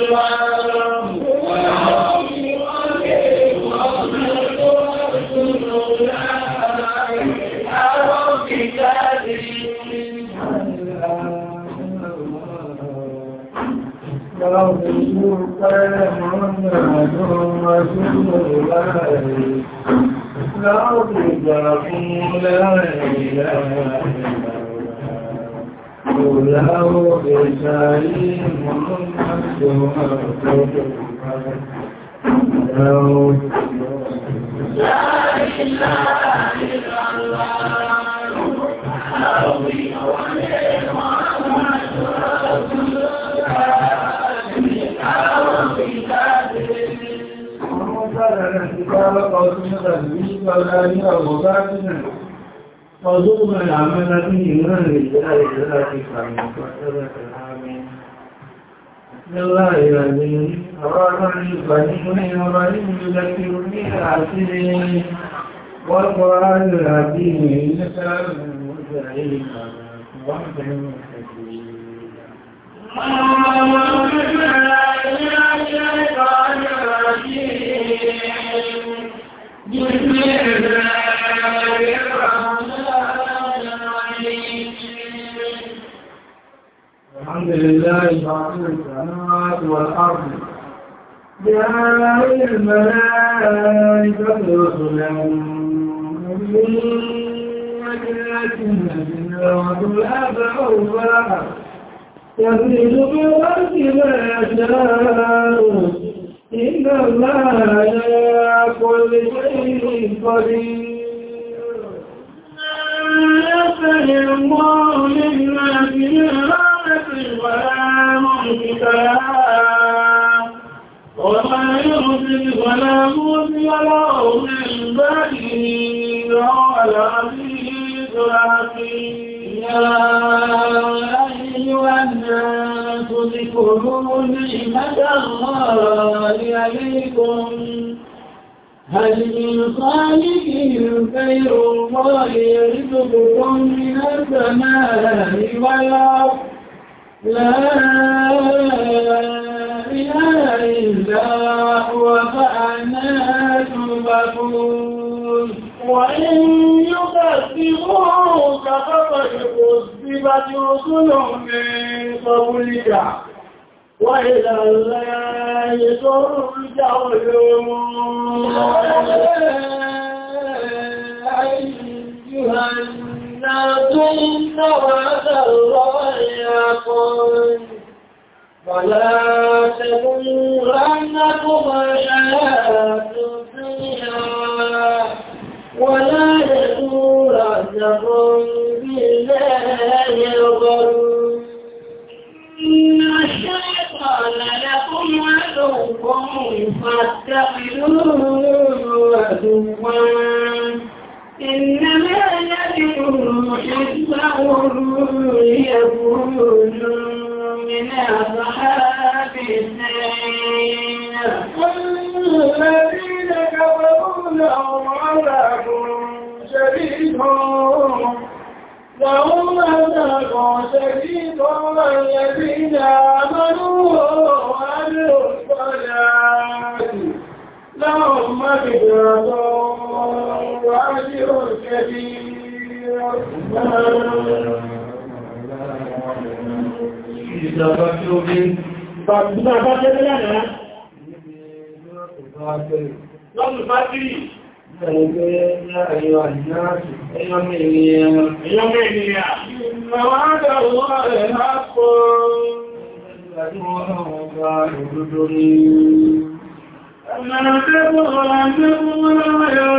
لا إله إلا الله Ọdún mẹ́rin àmẹ́ra ní ìrìnlẹ̀ ìjẹ́ àìjẹ́ láti ìpàdé ìpàdé والقرآن العظيم إنك المزعين وعدا بسم الله الرحمن الرحيم الحمد لله فاطر السماوات والأرض جاء الملائكة رسلا يزيد بالوقت ما يشاء إن الله على كل شيء قدير يسأل الله للناس فلا ممسك لها وما يمسك فلا مرسل له من بعده وهو العزيز الحكيم يا أيها الناس اذكروا نعمة الله عليكم هل من خالق غير الله يرزقكم من السماء والأرض لا إله إلا هو فأنا تبكون وإن يكذبوك فقد كذبت رسل من قبلك وإلى الله ترجع الأمور أيها الناس فتنة وعد الله يكون ولا تغرنكم الحياة الدنيا ولا يغرنكم بالله الغرور إن الشيطان لكم عدو فاتخذوه عدوا إنما يدعو حزبهم يكون من أصحاب السعير والذين كفروا لهم عذاب شديد لهم عذاب شديد الذين آمنوا وعملوا الصلاة لهم مغفرة Ìjọba tí ó bí. Bàbá bá jẹ́ bí lánàá. Lọ́nà bá tí. Ẹgbẹ́ ẹ̀yọ àjíjá ẹ̀yọ mẹ́rin ẹ̀yọ mẹ́rin ẹ̀yà. Àwọn àjọ òwúrọ̀ rẹ̀ há kọ́. Ìjọba tí wọ́n bá òdúdó ní. Ẹ̀mẹ́rin tẹ́gbọ́n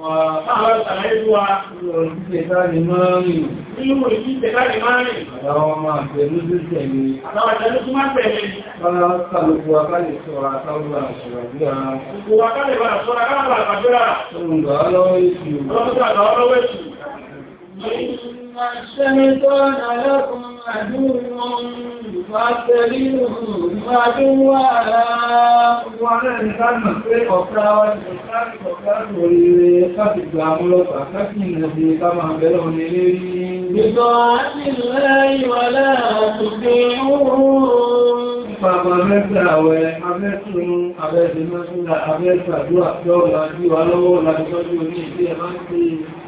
Àwọn ọ̀sán ẹ̀dùwà. Ìlú ìjíṣẹ́ káàkiri máa ń rìn. Ìlú ìjíṣẹ́ káàkiri máa ń rìn. Àwọn ọmọ àpẹẹlú ìjíṣẹ́ ni. Àwọn àjẹ́lú tó máa ń pẹ̀lẹ̀. Àwọn ọ̀sán gbogbo akálẹ̀ sọ́ra tábùlà ṣọ̀rọ̀ bí ara. Gbogbo الشيطان لكم عدو فاتبعوه عدوا وعلى كان في أخرى والإنسان فكان وليقف الدعم فكان الذي كما بلغ بطاعة الله ولا تطيعوه Bàbá mẹ́ta àwẹ̀ abẹ́tùnú abẹ́sẹ̀ mẹ́sùn àbẹ́sàdúrà lọ́wọ́ láti wà lọ́wọ́ láti tọ́jú ní ìdí ẹ̀má ń pè é.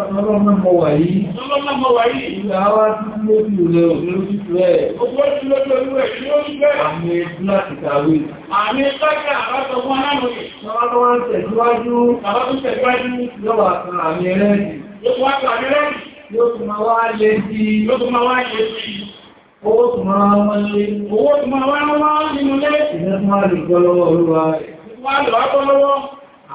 Ọlọ́mọ mọ̀ wà yìí. Ọlọ́mọ mọ̀ wà yìí. Ìgbà wá títí lójú rẹ̀ òṣèlú títí rẹ̀. Ogbó tí lójú orí rẹ̀ tí ó ń gbẹ́. Àmì láti kàwé. Àmì sákà àbátọ̀ fún aláàmùsì. ń tẹ̀síwájú. Àbátọ̀ tẹ̀síwájú. Yọ́wà kan àmì ẹlẹ́rìí. Yọ́wà kan àmì ẹlẹ́rìí. Yóò tún máa wá lé sí. Yóò tún máa wá lé sí. Owó tún máa wá lé. Owó tún máa wá lé nínú lé. Ìjẹ́ tún wá lè gbọ́ lọ́wọ́ olúwa rẹ̀. Wá lè wá gbọ́ lọ́wọ́.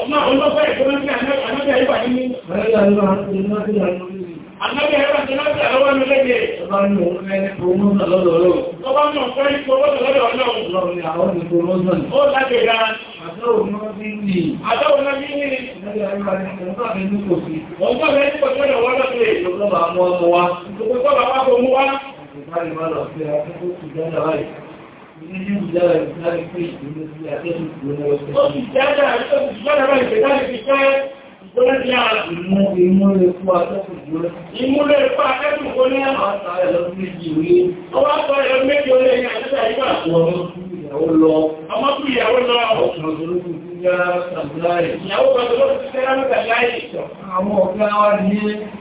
Ọmọ ọlọ́pẹ́ ìgbóná sí ànábẹ́ àyíbà ní. Ànábẹ́ àyíbà ti láti àwọn ọmọ lẹ́gbẹ̀ẹ́. Ọba ní òun mẹ́rin promotion lọ́dọ̀ ọlọ́run. Ọba ní òun mẹ́rin promotion lọ́dọ̀ ọlọ́run. Ọlọ́run ni àwọn ni promotion. Ó láti ga. Àdáwò náà bí ní. Àdáwò náà bí ní. Ànábẹ́ àyíbà ni òun bá mi ní kò sí. Òun bá mi ní kò sí ọ̀dọ̀ wọ́n lọ́pẹ́. Ìjọba àwọn ọmọ wa. Ìjọba àwọn ọmọ wa. Ìjọba àwọn ọmọ wa. Ìmúlé fún akẹ́kùn gbóná. Ìmúlé fún akẹ́kùn gbóná. Àwọn àtàrà lọ méjì orí. Ọwá sọ ẹ̀rọ méjì orí ẹ̀yà àti àìgbà. Wọ́n mọ́ fún ìyàwó lọ. Ọmọ fún ìyàwó lọ. Ọ̀ṣun ọ̀ṣun lókùn. Ìyàwó pẹ̀lú ló ti tẹ́lá mẹ́ta láyé ìtọ̀. Àwọn ọ̀gá wa ní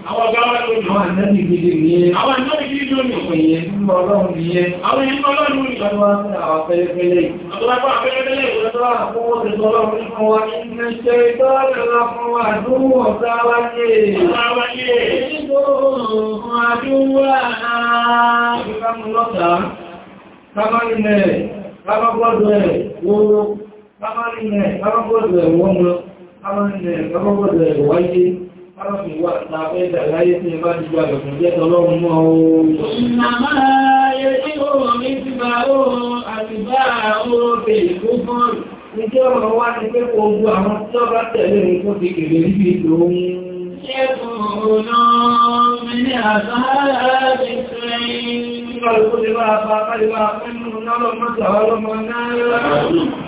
àwọn ọ̀gá wa lónìí. Àwọn ànábì gidi ní. Àwọn ànábì gidi lónìí. Òyìn nínú ọlọ́run ní yẹn. Àwọn ìyẹn ọlọ́run ní. Wọ́n wá sí àwọn afẹ́lẹ́fẹ́lẹ́ yìí. Àwọn afẹ́lẹ́fẹ́lẹ́ yìí. Wọ́n wá fún wọn ti tọ́lọ́ fún wa. Ìgbẹ́ ṣe ìtọ́lọ́lá fún wa dúró ọ̀sá wáyé. Ọ̀sá wáyé. Ìgbẹ́ àdúrà. Ìgbẹ́ mú lọ́ta. Ká kábàrínlẹ̀ kábàbọ̀dọ̀ ẹ̀wọ́n lọ kábàrínlẹ̀ kábàbọ̀dọ̀ ẹ̀wáyé kábàbí wà tàbí ìdàláyé tí ẹ bá ti gbà lọ̀kùn jẹ́ tọ́lọ́run mọ́ ooo ìnàmá ayé tí ó wọ̀n ní ti bá ooo àti bá ooo bèèrè fún fọ́ọ̀rù ní kí ọ̀rọ̀ wá ní pé kò gbọ́ àwọn tí ó bá tẹ̀lé ní kó fi kèrè níbi ìlú ohun Ṣẹ́kùn ọ̀nà mi ní àbára ti sẹ́yìn. Ìgbàlùkú ti bá a bá a bá a fẹ́ nínú náà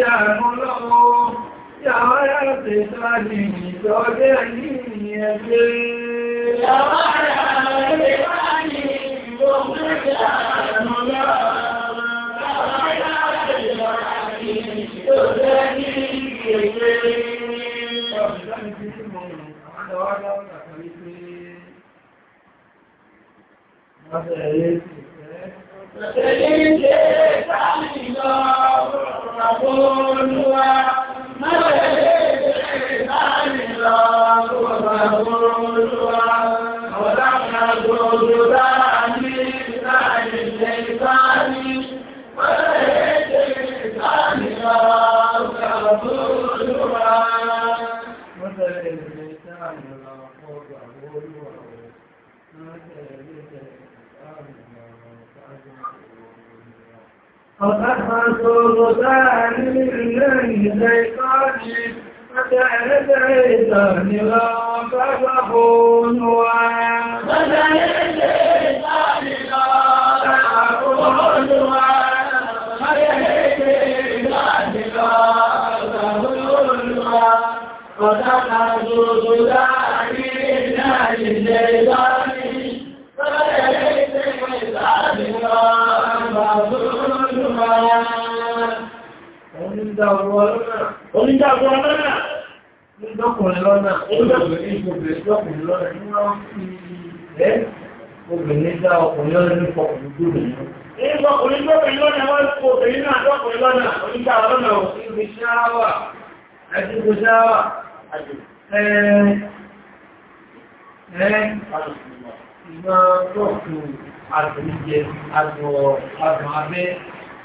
yà mọ́ lọ́wọ́ yàwá yà tẹ̀ sáàlì ìjọdẹ́ yìí ẹgbẹ́. Yàwá yà tẹ̀ sáàlì ìjọdẹ́ yà mọ́ lọ́wọ́ yàwá yà tẹ̀ sáàlì ìjọdẹ́ yìí ẹgbẹ́. Ọ̀sẹ̀ yìí ṣe sáàlì lọ́wọ́. Thank you. فخفت غسان من شيطان فتعلت شيطان فكفون وفتعلت شيطان فكفون وفتعلت شيطان فخفت غسان من شيطان فكفون onídàgbọ́ lọ́nà onídọ́kùnrin lọ́nà ní wọ́n fi ẹ́ obìnrin ní fọkùnrin gbòdò ní Ìgbà wọ́n kò náà lọ́pẹ̀ lọ́nà onígbà lọ́nà òfin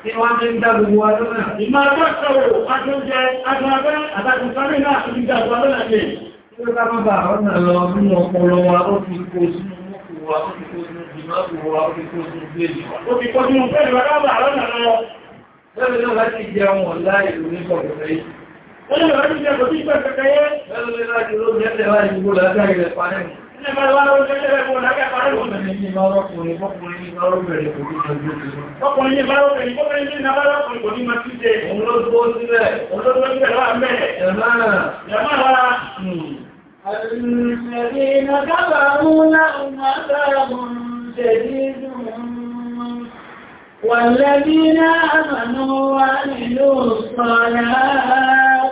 tí wọ́n ti ń dá gbogbo ọdún náà. Ìmọ̀ ọjọ́ sọ̀rọ̀ àjọ́jẹ agbára àtàkùnkárí náà ti dá gbogbo ọdún náà lè. Tí ó bá má bà ọ́nà lọ nínú ọpọlọ wa, ó fi kó sínú mọ́kù wa, ó fi kó sínú jìmọ́kù wa, ó fi kó sínú gbé ìwà. Ó fi kó sínú fẹ́ ìwà dábà ọ́nà lọ. Lẹ́yìn náà láti jẹ ọmọ láì ìlú ní kọ̀ọ̀kẹ́ yìí. Lẹ́yìn náà láti jẹ kò sí ìgbà kẹkẹ yẹ. Lẹ́yìn náà láti ló jẹ́ tẹ̀lá ìgbó làákàrí rẹ̀ panẹ́mù. Ọkùnrin ní bá rọ́pẹ̀lú, ọkùnrin ní bá rọ́pẹ̀lú kò ní máa ti jẹ والذين آمنوا وعملوا الصالحات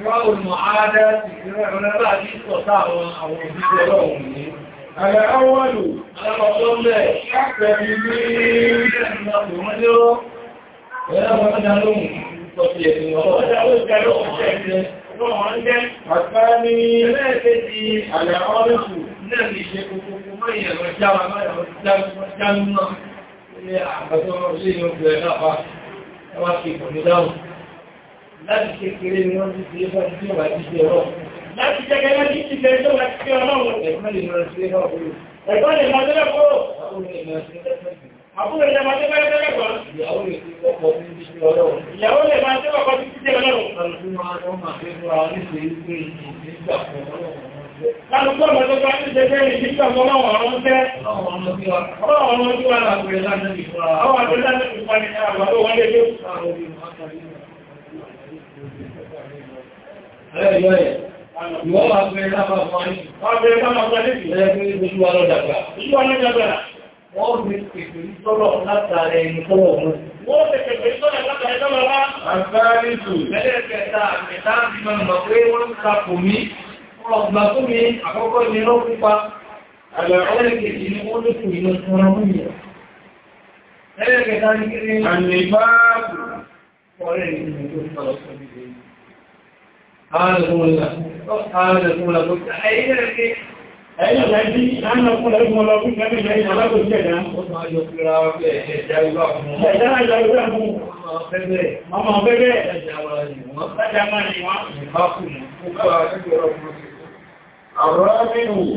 ìwáwò mọ̀ àádá ti ìrẹ́ ọ̀rẹ́lá àti ìsọ̀tà àwọn àwọn òṣìṣẹ́ ọlọ́run ní. Ààrẹ awọ́lù alábọ̀tọ́lẹ̀ pẹ̀lú ní ìrìnàmọ̀ ìrìnàmọ̀ Ẹwà ti kò ní dáhùn láti kékeré ni wọ́n ti fi ẹgbẹ́ tí ó ti fi ọ̀rọ̀. Láti jẹ́gẹ́ láti ti fẹ́ tó bá ti ọlọ́run. Ẹ̀gbọ́n lè máa ṣe náà kúrò. Ẹ̀gbọ́n lè máa tẹ́lẹ̀ kúrò. Àbúrò lè máa tẹ́lẹ̀ tẹ́lẹ̀ kọ́. Ìyàwó lè ti kọ́kọ́ ti fi ọlọ́run. Ìyàwó lè máa tẹ́lẹ̀ kọ́kọ́ ti fi ọlọ́run. Lálùkọ́ ọmọ tó bá ti jẹ́ bẹ́ẹ̀ ìdíkà mọ́lá ọ̀rọ̀ ń tẹ́. Ọmọ ọmọ tí wà. Ọmọ ọmọ tí wà láàpẹ̀lẹ́ láti ìfúra. Àwọn àpẹẹlẹ́ láti ìfúra ní àwọn àwọn ọmọdé tó. Ìwọ́n máa fẹ́ lápá fún ọdún. Wọ́n fẹ́ lápá fún ọdún. Ẹgbẹ́ ìgbésí wa lọ́dàgbà. Ìjú wa lọ́dàgbà. Wọ́n fi pèsè ìtọ́lọ̀ látàrí ẹni tọ́lọ̀ ọ̀run. Wọ́n fi pèsè ìtọ́lọ̀ látàrí tọ́lọ̀ wá. Àgbáríṣù. Lẹ́lẹ́kẹta, mẹ́ta bí mọ́ mọ̀ pé wọ́n ń tapò mí. Ọgbà fún mi, àkọ́kọ́ ni ló pípa. Àgbẹ̀rẹ́lẹ́kẹ̀ẹ́ ni wọ́n ló kù inú fún ọmọ mi. Lẹ́lẹ́kẹta ni kí ni? Àmì ìbáàbù. Ọ̀rẹ́ ìrìn Àrọ́mìnù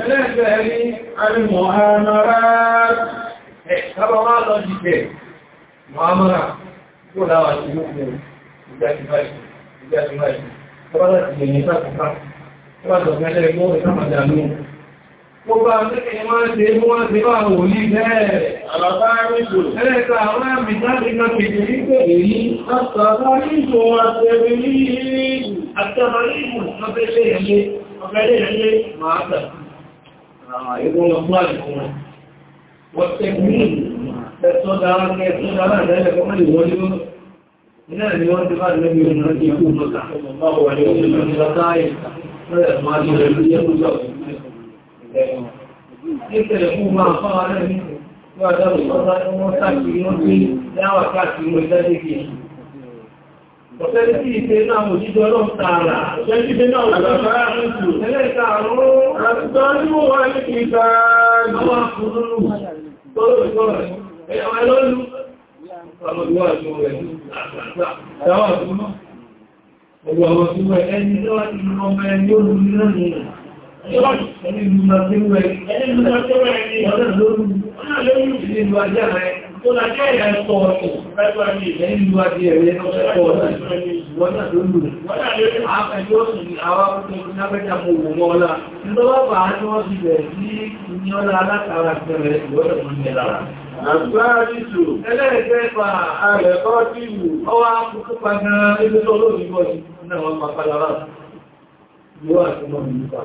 ẹlẹ́gbẹ̀ẹ́ ní alìmọ̀ àmàrà ẹ̀ sábà máa lọ jíkẹ̀, mọ̀ àmàrà kó láwà sí lókùnrin, ìgbàtíbáyìí, ìgbàtíbáyìí wọ́n láti lè ní ìfàkùfà wọ́n lọ mẹ́lẹ̀ ìgbó ìfàmàdà ní gbogbo àmìkẹ́ ni wọ́n ṣe mú wọ́n ṣe bá wòlí bẹ́ẹ̀ àlàbá ríjò ẹlẹ́ta àwọn àmì jáde kan kèjì ní pé èyí àtàbá ríjò àtẹ̀rẹ̀ ní àtàbá ríjò ọbẹ̀lẹ̀ ẹ̀lẹ́ ọbẹ̀lẹ̀ ẹ̀lẹ́ máa tà ẹgbọ́n ọgbọ́n àdìkún wọ́n tẹ̀kùn ní ẹ̀tọ́ dára ní ẹ̀tọ́ dára ní náà ni wọ́n ti bá lẹ́bí ọ̀nà ti kú lọ́ta ọwọ́ ni wọ́n ti lọ sí lọ́ta àìsà lọ́rẹ̀ máa ti rẹ̀ lórí ẹgbùsọ̀ ìṣẹ̀lẹ̀ fún máa fáwọn arẹ́ ní wọ́n adáwọ̀ sọ́ta ní wọ́n sáàkiri wọ́n tí dáwà káàkiri wọ́n jáde kìí ọ̀fẹ́ sí ìṣẹ́ náà mò jíjọ lọ́n tààrà ọ̀fẹ́ sí ìṣẹ́ náà lọ́n tààrà ẹlẹ́ ìtààrùn àtìgbàájú wà ní ìgbàájú Ọgbà tí wọ́n ẹni tó wá ti lọ ọmọ ẹni ó lú nílò ẹni lú tí wọ́n ẹni lú tí wọ́n ẹni ọ̀nà lórí ọ̀nà lórí ìlú ajá rẹ̀ tó lájẹ́ ìrẹ́ sọ ọ̀tọ̀ pẹ́pẹ́ ní ẹni ajé rẹ̀ lọ́pọ̀ ọ̀nà Àgbáríṣù. Ẹlẹ́ẹ̀kẹ́fà. Àrẹ̀kọ́ tí ìlú. Ọwá kúkú padà ilé tó lórí bọ́ ni, náà wọ́n máa padà rà. Yóò àti mọ́ mi nípa.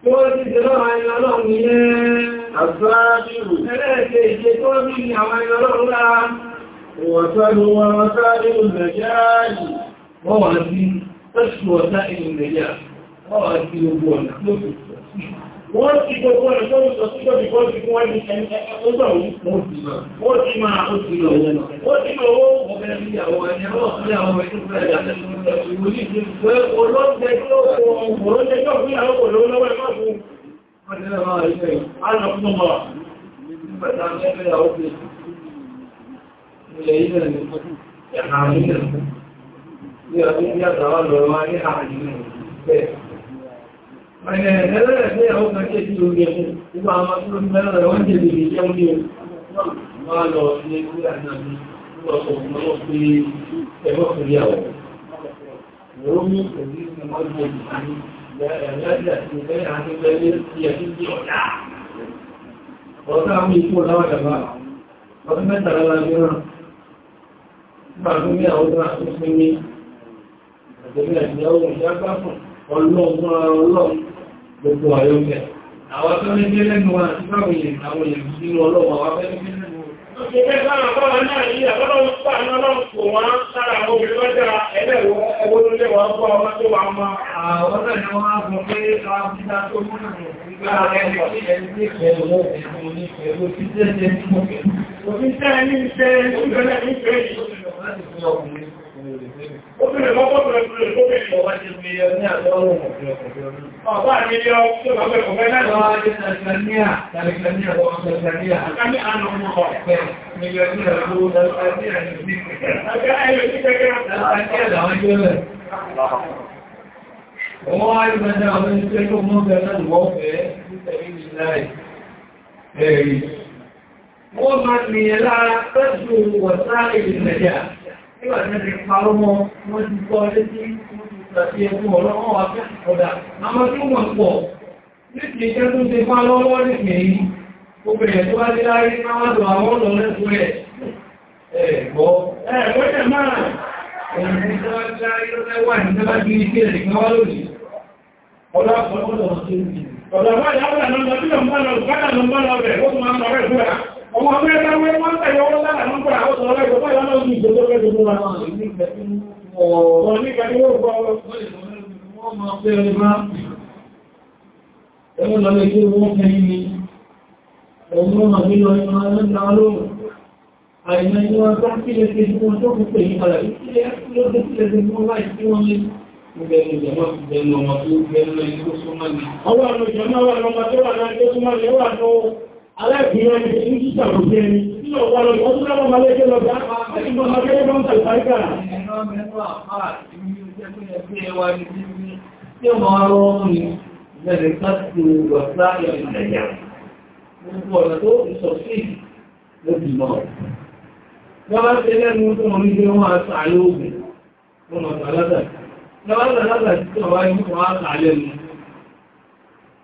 Tí wọ́n ti jẹ́ lọ́wọ́ ayọ́ lọ́wọ́ ni ẹ́. Àgbáríṣù. Ẹlẹ́ẹ̀kẹ́ ìṣẹ́ tó rí àwọn ayọ́ lọ́wọ́ lára. Ìwọ̀sánú wọn wọ́n sáré wọ́n ti gbogbo ẹ̀ tó ń sọ sí ìjọba ìbọn ti fún ní ẹni ọgbà òun wọ́n ti máa ó ti lọ wọ́n ti lọ ó ọ̀bẹ̀ ní àwọn ẹni ọlọ́ọ̀sí àwọn ẹni tó fẹ́ ẹ̀dá ìyàtàwà lọ́wọ́ ní ààrùn ìgbẹ̀rẹ̀. Ọ̀dá àwọn ọdún mẹ́tàlá lábẹ́ náà, nígbà ọdún àtúnṣe ní àjẹ́bí àjẹ́ ọlọ́run ọlọ́run gbogbo àyọ́kẹ́ àwọn tó ní jẹ́ lẹ́nu wa àti báwọn èèyàn àwọn èèyàn nínú ọlọ́wọ́ wa fẹ́ ní lẹ́nu Òfin Obìnrin lọ́pọ̀ tó rẹ̀ tó rẹ̀ tó ọmọ ọ̀pẹ́ àwọn ẹgbẹ́ tó mọ́ bẹ̀rẹ̀ náà lọ́wọ́ fẹ́ Wọ́n máa nìyẹn lára pẹ́sù wọ̀sáà ìrìnàjà nígbà ti parọ́ mọ́ wọ́n ti gbọ́ létí tí wọ́n ti pa lọ́wọ́ nìkìí gbogbo ẹ̀ tó bá dé láyé máa àwọn ọ̀dọ̀ lẹ́sùn ẹ̀ ẹ̀gbọ́ ẹ̀gbọ́dẹ̀ máa ẹ̀yìn tí ọmọ ọmọ ẹgbẹ́ wọ́n tẹ̀yẹ wọ́n lára ní pẹ̀lú àwọn ọ̀sán ọlọ́gbẹ̀ pẹ̀lú ọmọ ọdún ìjọdọ́ pẹ̀lú ọmọ ọdún ìgbẹ̀lú ọmọ pẹ̀lú ọmọ wọ́n kẹ́yìn ni ọmọ ọmọ nílọ ẹ̀rọ lọ́lẹ̀ lọ́lọ́ àìmọ́ ẹni wọ́n bá kí lè fi fún ọjọ́ púpẹ̀ yìí padà ìpínlẹ̀ lọ́dún ọwọ́ àwọn ìjọmọ́ wà lọ́mọ tó wà lọ́mọ tó súnmọ́ ni ó aláìbìnrin ẹni ní títà kò sí ẹni nínú ọ̀pọ̀ lọ ọdún lọ́wọ́ máa lẹ́jẹ́ lọ bá ẹni bọ́ máa gẹ́gẹ́ bá ń tàbíkà Lọ́wọ́ ṣe lẹ́nu tó wọ́n ní pé wọ́n aṣàlẹ́ ògùn, wọ́n mọ̀ sàlátà. Lọ́wọ́ sàlátà tí wọ́n wáyé wọ́n aṣàlẹ́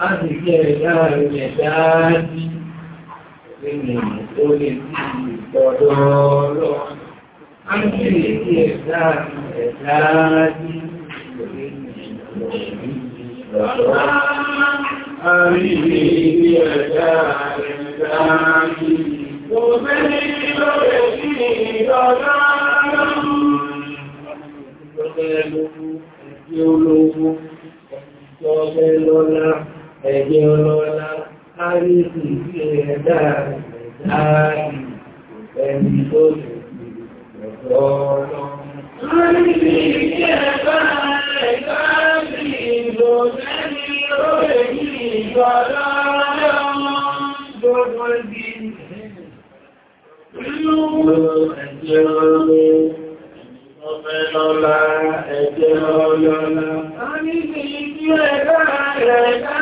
á sì jẹ́ ẹ̀dá rẹ̀ dáadí nínú tó lè sí ìtọ́dọ̀ lọ. á sì jẹ́ ẹ̀dá rẹ̀ dáadí nínú ìtọ́dọ̀ lọ. á sì jẹ́ ẹ̀dá rẹ̀ dáadí Ọjọ́ ẹlọ́gbọ́, ẹjọ́ olówó, ọjọ́ ẹlọ́lá ẹgbẹ́ ọlọ́lá káríkì sí ẹ̀dá ẹ̀dá ẹni tó lè fi ẹ̀dọ́ ọlọ́run. Káríkì sí ẹ̀dá ẹ̀dá ìlò lẹ́ni ó lè ní ìjọ lọ́lọ́run gbogbo ibi. Inú ẹ̀jẹ̀ ọlọ́run ọmọ ẹlọ́lá ẹ̀jẹ̀ ọlọ́lá. Káríkì sí ẹ̀dá ẹ̀dá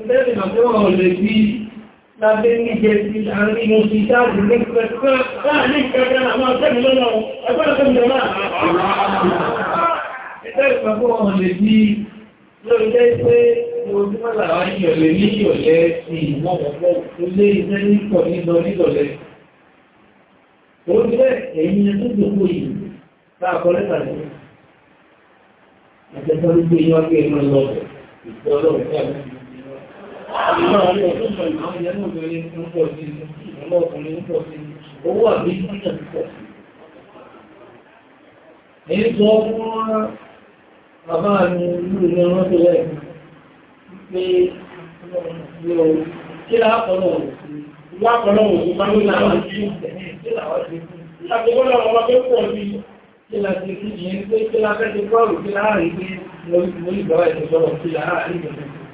Ìbẹ́rẹ̀ ìrìnàjò wọn lè bí lábẹ́ ní jẹ́ sí àárín mo ti dáàbò ní pẹ̀lú láàrin ìkẹta àwọn ọ̀tẹ́mi lọ́nà ẹgbẹ́ ọ̀tẹ́mi lọ́nà. Ìbẹ́rẹ̀ ìrìnàjò wọn lè bí lórí jẹ́ pé ojúmọ́ làwọn ìyọ̀lẹ̀ ní ìyọ̀lẹ̀ ti ìwọ̀n ọ̀pọ̀ tó lé iṣẹ́ nípọ̀ nílọ nílọ̀lẹ̀. Ó jẹ́ èyí ni tó gbogbo yìí bá a kọ lẹ́tà sí. Àjẹsọ́ gbogbo yìí wá pé ẹ̀mọ́ Owó àbí ìjọ́ pọ̀ sí. Èyí tó fún bàbá mi lú ní ọmọ tó lẹ́ pé kí láàpọ̀lọ̀ láàpọ̀lọ̀ òun bá ní àwọn tí ó tẹ̀lé kí láwọ́ sí. Ìṣàkókọ́lọ̀ ọmọ pé pọ̀ sí kí láti kí ìyẹn pé kí láfẹ́ ti kọ́rù kí láàrin pé mo ìgbàwà ìṣẹ́sọ́rọ̀ kí láàrin ìgbẹ̀rẹ̀.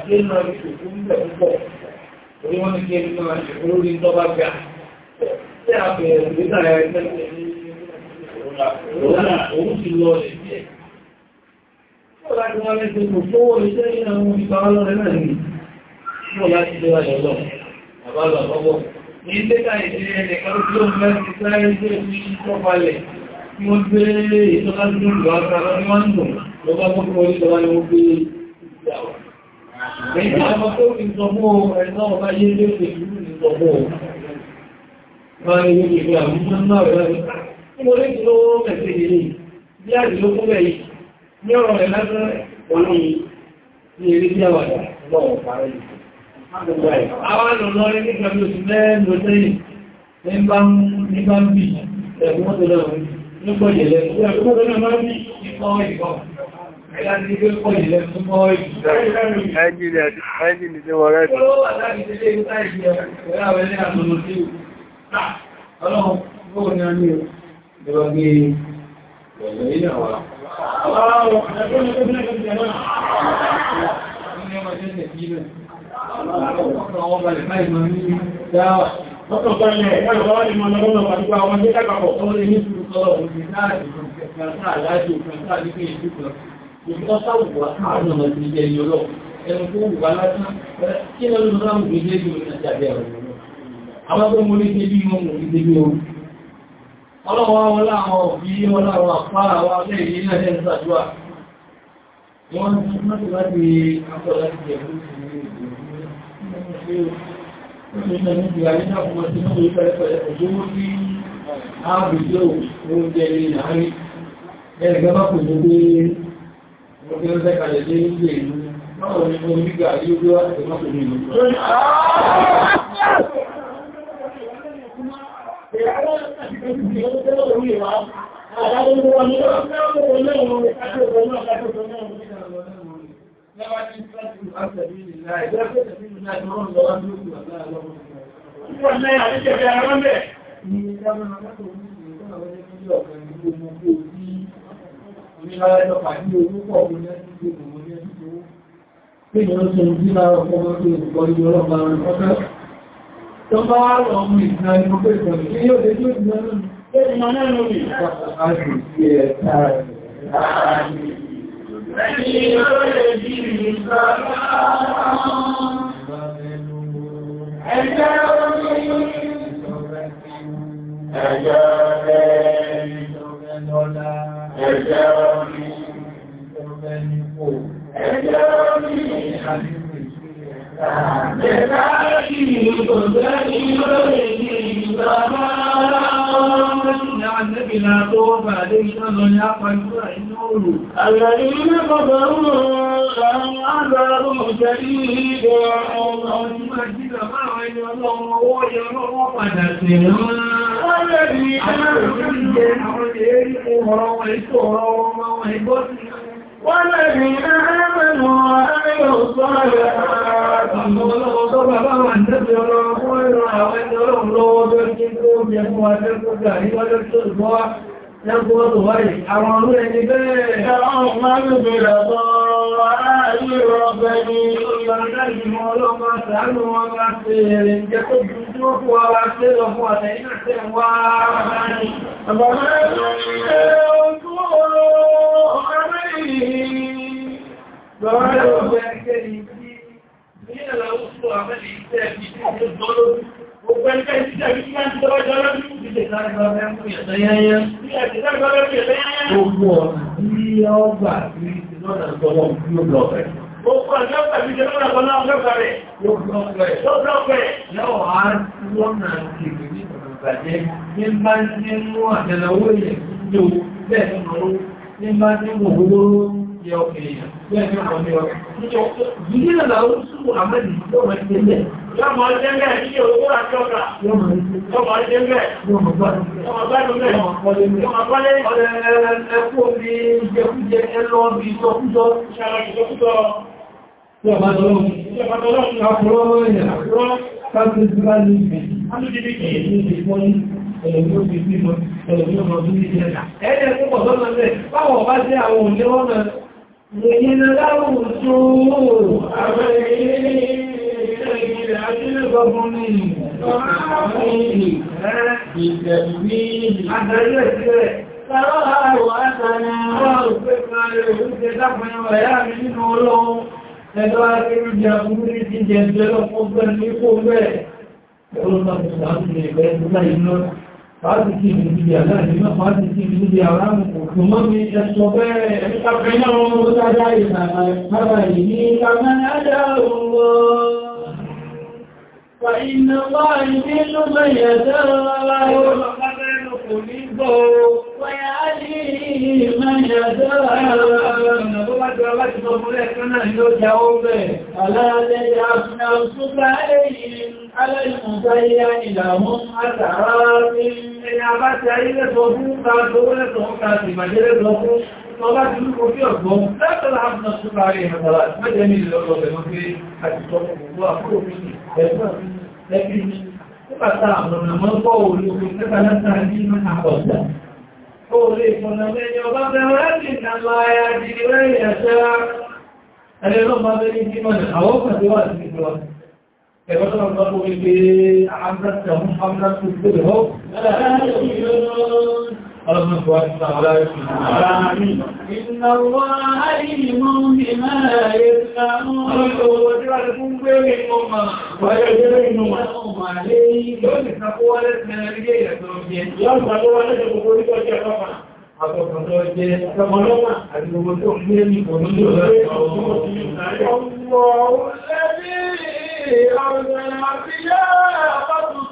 ìṣe náà ìṣòkú ń bẹ̀ púpọ̀ orí wọ́n ní kí ẹni náà ìṣòkú lórí ń tọ́ba gbà tí a bẹ̀rẹ̀ ìgbésà rẹ̀ tẹ́lẹ̀ ní òun ti lọ rẹ̀ díẹ̀. Wọ́n láti wọ́n lé ṣe kò fówó iṣẹ́ ní àwọn ìgbà ọlọ́rẹ̀ náà ní. Wọ́n láti lé wáyé lọ, bàbá lọ lọ́wọ́. Ní ṣẹ́ka ìṣẹ́ ẹ̀ẹ̀kan tí ó mẹ́rin ti sáré sí ní ìṣọ́balẹ̀ tí wọ́n gbé ìṣọ́lá Èyí àwọn tó fi sọ mú ẹ̀nà ọba yé léṣe ìlú ìsọ mú ọ. Máa ní ìwé ìwé àwọn ọmọ náà rẹ̀ rẹ̀. Mo lè jùlọ mẹ́sẹ̀ ilé, bí àjùlọ fún rẹ̀ yìí, ní ọ̀rọ̀ rẹ̀ lásán olóyìn ní eré bí àwàdà lọ́wọ́ parẹ́ yìí. Àwọn àlọ́lọ́ rí nígbà bí oṣù mẹ́rin lọ́sẹ́yìn ní bá ń bì ẹ̀wọ́n tó lọ́wọ́ nígbọ̀yẹ̀lẹ́ Ẹjì ni tí wọ́n rẹ̀dì. Ọlọ́run, bóò ni a ní o, ìjọba gbé ẹ̀lẹ̀ ìyàwó. Ọlọ́run, ẹgbẹ́ ni ó bí ẹgbẹ́ ìjọba náà. Ọlọ́run, ẹgbẹ́ ni ó bí ẹgbẹ́ ìjọba náà. Ọlọ́run, ẹgbẹ́ ni ó bí ẹgbẹ́ ìjọba náà. Ọjọ́ ìpẹ́lẹ̀ ẹ̀rọ wọ́n ni mọ̀ lọ́wọ́ pàdúgbà wọn ní kákàkọ̀ tó lè ní ìsìnkú ọ̀rọ̀ òjì láàrin ìgbẹ̀rẹ̀ àlájú ìgbẹ̀rẹ̀ àdíkẹ́ ìdíkùnlọ́ òṣìṣẹ́ sáwùwù wa káàánú ọmọ ti jẹ́ ẹni ọlọ́ ẹnu tó wù wá lásán kí lọ́lọ́ ló sáwùwù ní ilé ìlú náà jáde ọ̀rọ̀ àwọn tó mú ní ṣe bí wọn mú ní ṣe bí wọn ọlọ́wọ́ wọn láwọn òbí wọn láwọn àpárá wa lẹ́yìn náà lẹ́nu sàdúrà wọ́n ti mọ́tò láti akọ̀ láti jẹ̀ fún ìlú Ẹgbẹ́ bá kò ní pé òfin ló fẹ́ kalẹ̀ dé ilé ìlú máa wọ́n ní fún onígbà yóò gbé wá ẹ̀mọ́ tó ní ìlú. Ìjọba náà, a ti ṣẹ̀fẹ̀ àwọn mẹ́. Ní ìjọba náà, a ti ṣẹ̀fẹ̀ àwọn mẹ́ onílárẹ́lọ́pàá ní orúkọ̀ ọmọ ní ẹ̀sùn tó kò mọ́ ní ẹ̀sùn tó pé ìyọ́n tó ń bí lára ọkọ̀ ọmọ tó ìrùkọ́ ìlú ọlọ́pàá rẹ̀ ọ̀fẹ́ tó bá rọ̀ ọmọ ìsinmi ní ọgbẹ́ ìsọ̀rọ̀ ní yóò dé tó ìgbìmọ̀ náà ní Ẹjọ́ ọdún Ẹjọ́ ọdún Ẹjọ́ ọdún ẹ̀jẹ̀ omi ọmọ ẹni kò ẹ̀jẹ̀ omi àdúgbò ìṣẹ̀lẹ̀ àgbẹ̀ká ìgbò lẹ́ni lórí ìgbàgbọ́ Àjẹ́bìnà tó wọ́pàá lé iṣẹ́ lọ ní àpàjúwà inú òòrùn. Àgbàrí ní kọ̀kọ̀ rúrùn-ún àwọn àgbàrún jẹ́rí ìgbẹ̀ ọmọ ọdún máa jígbà máa wọ́n ẹni ọlọ́run ọwọ́ ìyọ́ ọlọ́wọ́ padà tẹ̀rán lẹ́bí Wọ́n lẹ́bí náà mẹ́nu àárín òṣọ́ rẹ̀ àwọn olówó tó bàbá wà ní ẹgbẹ̀ ọlọ́run fún ìrọ̀ àwọn ẹgbẹ̀ ọlọ́run lọ́wọ́ tó kí tó bí ẹkùn àtẹ́kùn àríwájọ́ tó gbọ́ lẹ́gbọ́n tó wáyé ẹni bẹ́ẹ̀ ẹ̀rọ máa ń bèèrè tọ́rọ ààrí ìrọ̀ ọ̀gbẹ́ni olùgbàmọ́lọ́gbà sàánú wọn bá fèèrè jẹ́ tó fún wa wá ṣe lọ fún àtẹ̀yìn àtẹ̀ wá rárá Àbàmọ́ ẹgbẹ̀rẹ̀ ọdún ọ̀rọ̀ yìí, lọ́rọ̀ ẹgbẹ̀rẹ̀ ìgbẹ̀rẹ̀ ìgbẹ̀rẹ̀ ìgbẹ̀rẹ̀ ìgbẹ̀rẹ̀ ìgbẹ̀rẹ̀ ìgbẹ̀rẹ̀ Gbogbo àjọ́ tàbí jẹ́ lọ́nà ọ̀nà ọ̀gọ́gọ́ rẹ̀. Yóò blọ́ọ̀kẹ́. Yóò blọ́ọ̀kẹ́. Yóò wá lọ́nà kìrì ní ìbàjẹ́. Ní bá ní mú àjẹ́lọ́wọ́ èèyàn tó bẹ́ẹ̀ ní ọ̀rọ̀. Ní bá ní mú owó yẹ ọkẹ̀ èèyàn. Ìyìn aláwọ̀ tó àwọn ilé ìrìnlẹ̀ àjílẹ̀gbọ́gbọ́n ní ìgbẹ̀mí àdáyé ìgbẹ̀ tàwọn àwọn àtàrí àwọn òpépàá rẹ̀ ó ti dápẹ́ ọ̀yá mi nínú ọlọ́wọ́ ẹjọ́ akérò di aburú ní ti jẹ ìjẹ́lọ fọ́gbẹ́ ní kó bẹ́ẹ̀ ẹ̀rọ sàbùsà ń lè bẹ́ẹ̀ tó láì lọ fàájì kí ní ibi aláàrí náà fàájì kí ní ibi aráàmù kò mọ́ Ọba ti lúkọ fí ọ̀gbọ́n látọ̀lá àmì ọ̀ṣùgbà rẹ̀ ìrọ̀lá mẹ́jẹ̀ ní ìlú ọ̀rọ̀ ẹ̀mọ́ pé àti tọ́pọ̀ gbogbo àkúrò mi ẹ̀fẹ́ mi lẹ́bí mi. Ó bàtà àwọn ọ̀nà mọ́ pọ̀ òlú ó lè fọ̀nà mẹ́ni ọba bẹ̀rẹ̀ láti ìtàlá ayá di rẹ̀ ẹ̀ṣẹ́ra ẹ̀rẹ́lọ́ bá bẹ̀rẹ̀ ìdí mọ̀nà àwọn pẹ̀lú wà sí ìjọ ẹ̀kọ́ tó máa gbọ́ wípé àmúrà اللهم صل على محمد ان الله عليم بما يفعلون الله الذي أرسل عبده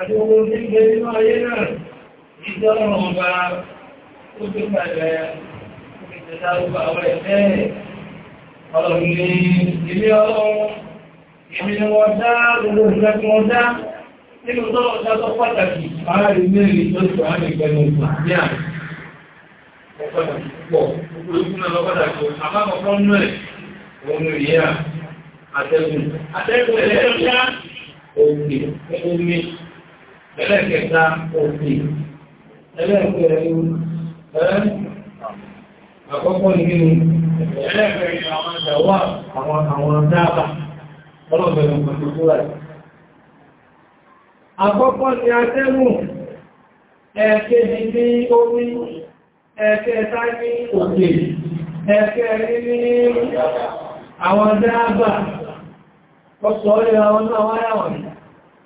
àti owó tí ń bẹ nínú ayé náà ìjọ ọ̀rọ̀ ọba ó tó pàdé ìjọba ọba àwọn ẹ̀fẹ́ ọlọ́run ní ilé ọlọ́run èmi ni wọ́n dá gbogbo ìgbà tí wọ́n dá nínú tọ́lọ̀ dájọ́ pàtàkì ara ilé ìjọsìn àmì ìgbẹ̀nu ní àmì pàtàkì pọ̀ gbogbo ìgbìmọ̀ lọ pàtàkì àbámọ̀ fọ́nú ẹ̀ òun ni ìyá àtẹ́gùn àtẹ́gùn ẹ̀lẹ́ẹ̀ṣá òun ni ẹlẹ́kẹta òfin ẹlẹ́kẹrin ẹ́ àkọ́kọ́ ìgbìmí ẹlẹ́kẹrin àkọ́kọ́ ni a tẹ́mù ẹ̀kẹ́jì ní omi ẹ̀kẹta ní òkè ẹ̀kẹrin ní àwọn dáàbà ọ̀sọ̀ ọ̀rẹ́ àwọn náà wáyàwọ̀n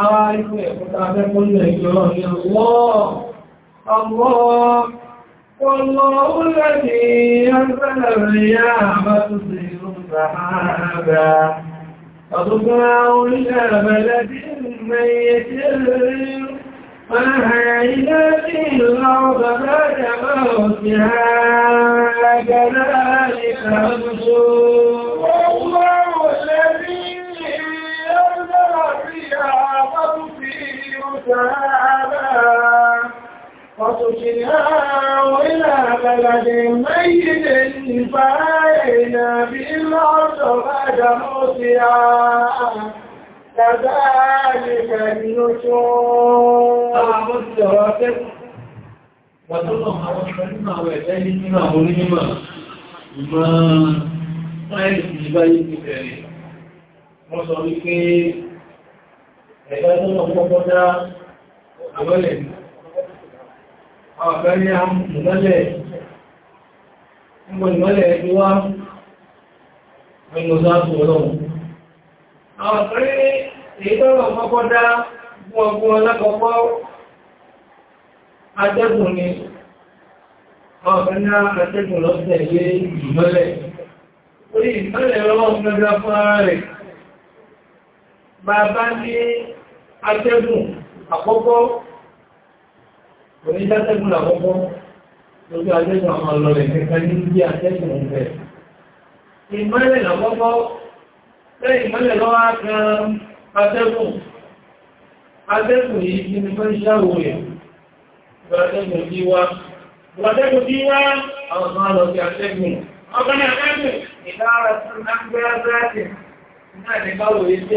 ara ikú ẹ̀kọ́ta afẹ́kọ́ ní ẹ̀jọ́ náà ní ọlọ́ọ̀ ọlọ́ọ̀ والله الذي أنزل الرياح تصير سحابا فتصنع إلى بلد ميت فأحيينا به الأرض بعد موتها كذلك النشور العرب فيه تعالى وسكناه إلى بلد ميت فأين بالأرض بعد موسيا كذلك النشور. Wàtọ́lọ̀ àwọn ọmọ nínú àwọn ẹ̀dẹ́ nínú àwọn onímọ̀ ìmọ̀ sáyẹ̀sì wípé ẹgbẹ́ tó lọ pọ́pọ́ dá ọlọ́lẹ̀ àwọn àgbẹ́ ní àmúlẹ̀ nígbọ̀n ìmọ́lẹ̀ ẹgbẹ́ wá ẹgbẹ́ sáàtù ọlọ́run àwọn àgbẹ́ èyí tó lọ pọ́pọ́ dá gúnwọ́gún alákọ̀ọ́pọ́ atẹ́gùn ni àwọn àgbẹ́ ní atẹ́gùn lọ́sẹ̀ ilé ìmọ́lẹ̀ orí ìmọ́lẹ̀ ọlọ́run mẹ́gbẹ́ fún ara rẹ̀ bàbá ní atẹ́gùn àkọ́kọ́ onídàtẹ́gùn àkọ́kọ́ lójú atẹ́gùn àwọn ọlọ́rẹ̀ kẹta ní bí atẹ́gùn ń bẹ̀. ìmọ́lẹ̀ àkọ́kọ́ lẹ́yìn ìmọ́lẹ̀ lọ́wọ́ kan atẹ́gùn atẹ́gùn yìí kí ni fẹ́ ṣáwó rẹ̀ atẹ́gùn bí wá atẹ́gùn bí wá àwọn ọmọ lọ sí atẹ́gùn ọgbọ́n atẹ́gùn ìdára fún agbẹ́rẹ́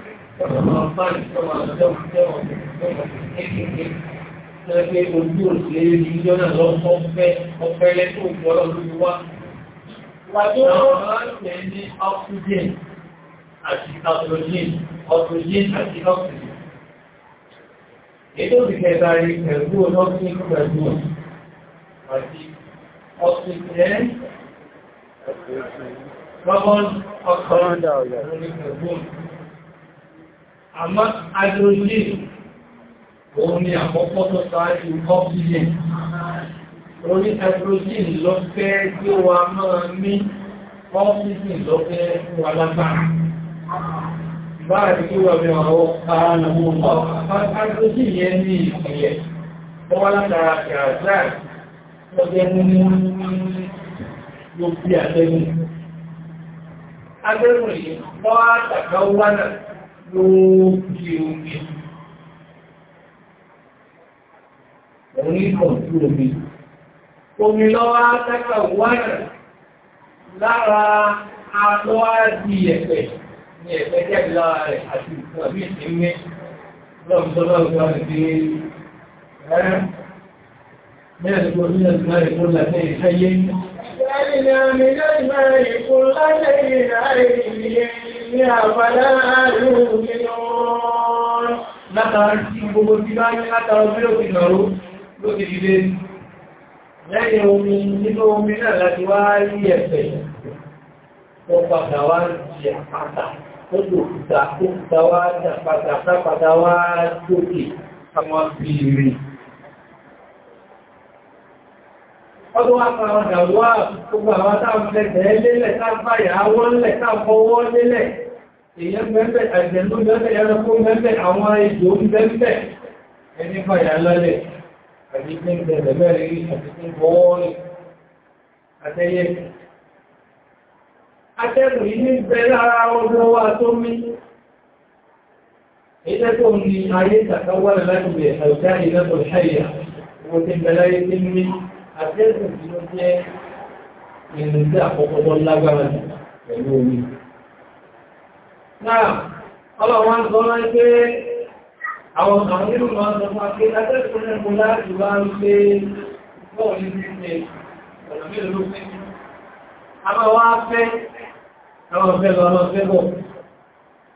Ẹgbẹ́ ojú òṣèré ìjọ náà lọ fọ́ fẹ́ ọpẹ́ lẹ́tọ́ òkú ọlọ́dún wá. Wà tó wọ́n láti ní oxygen àti oxygen, oxygen àti oxygen. Ètò ìkẹta rí pẹ̀lú ọlọ́sìn pẹ̀lú àti oxygen, carbon oxygen, àmọ́ hydrogen òun ni àkọ́kọ́ tó sáájú oxygen orí hydrogen lọ fẹ́ tí ó wa máa ní oxygen lọ fẹ́ fún wa lágbára báyìí kí wọ́n bí ọ̀rọ̀ ara nà mú ọ̀ hydrogen yẹn ní ìpìlẹ̀ wọ́n wá látara kìràzáì wọ́n jẹ́ mú ní ló bí àtẹ́gùn. Adẹ́rùn yìí, wọ́n á tàkà wá náà ló omi òun ní kọ̀ọ̀tù omi lára àlọ́ àti ẹ̀pẹ̀ ní ẹ̀pẹ̀ jẹ́bi lára rẹ̀ àti ìtàbí ìsinmi lọ́pùtọ́lọ́pùtọ́ àti ẹ̀rẹ́ mẹ́rin tó ní ẹ̀sùn ni a mi lọ́ìmọ̀ ìfún lọ́sẹ̀ ìrìn àfàlà àrùn mi lọ́rọ̀. Látara tí gbogbo ti bá ní látara bí ó ti nàró ló ti dìde. Lẹ́yìn omi nínú omi náà láti wá rí ẹ̀fẹ̀. Ó padà wá jẹ àpáta, ó lò kúta, ó kúta wá jẹ àpáta, àpáta wá lókè, àwọn fi rìn. ọdún wá pa àwọn ìdàwó àgbogbo àwọn táàmùlẹ̀tẹ̀ lélẹ̀ táàbáyà wọ́n lẹ̀ táàfọwọ́ lélẹ̀ èyàn mẹ́fẹ́ àjẹ̀lú mẹ́fẹ́ ẹranko mẹ́fẹ́ àwọn èdò mẹ́fẹ́ ẹni fàyà lọ́lẹ̀ Ìjẹ́ tó ní ayé ìtàkọwọ́ láti bẹ̀ẹ̀ ṣàrùjá ìlẹ́bùn ṣáyà, wọ́n ti bẹ̀lá ìdí ní àtẹ́sùn tí ó jẹ́ ìrìn sí àkọ́kọ́ tó lágbára jù pẹ̀lú omi. Náà, ọlọ́wọ́ ń sọ láì pé àwọn àwọn nínú máa ń sọ fún aké àtẹ́sùn ní ẹ̀kọ́ láti wá ń pé bọ́ọ̀ ní ti ṣe ọ̀nà mélòó ló fẹ́. A máa wá fẹ́ àwọn ọ̀fẹ́ lọ lọ fẹ́ bọ̀.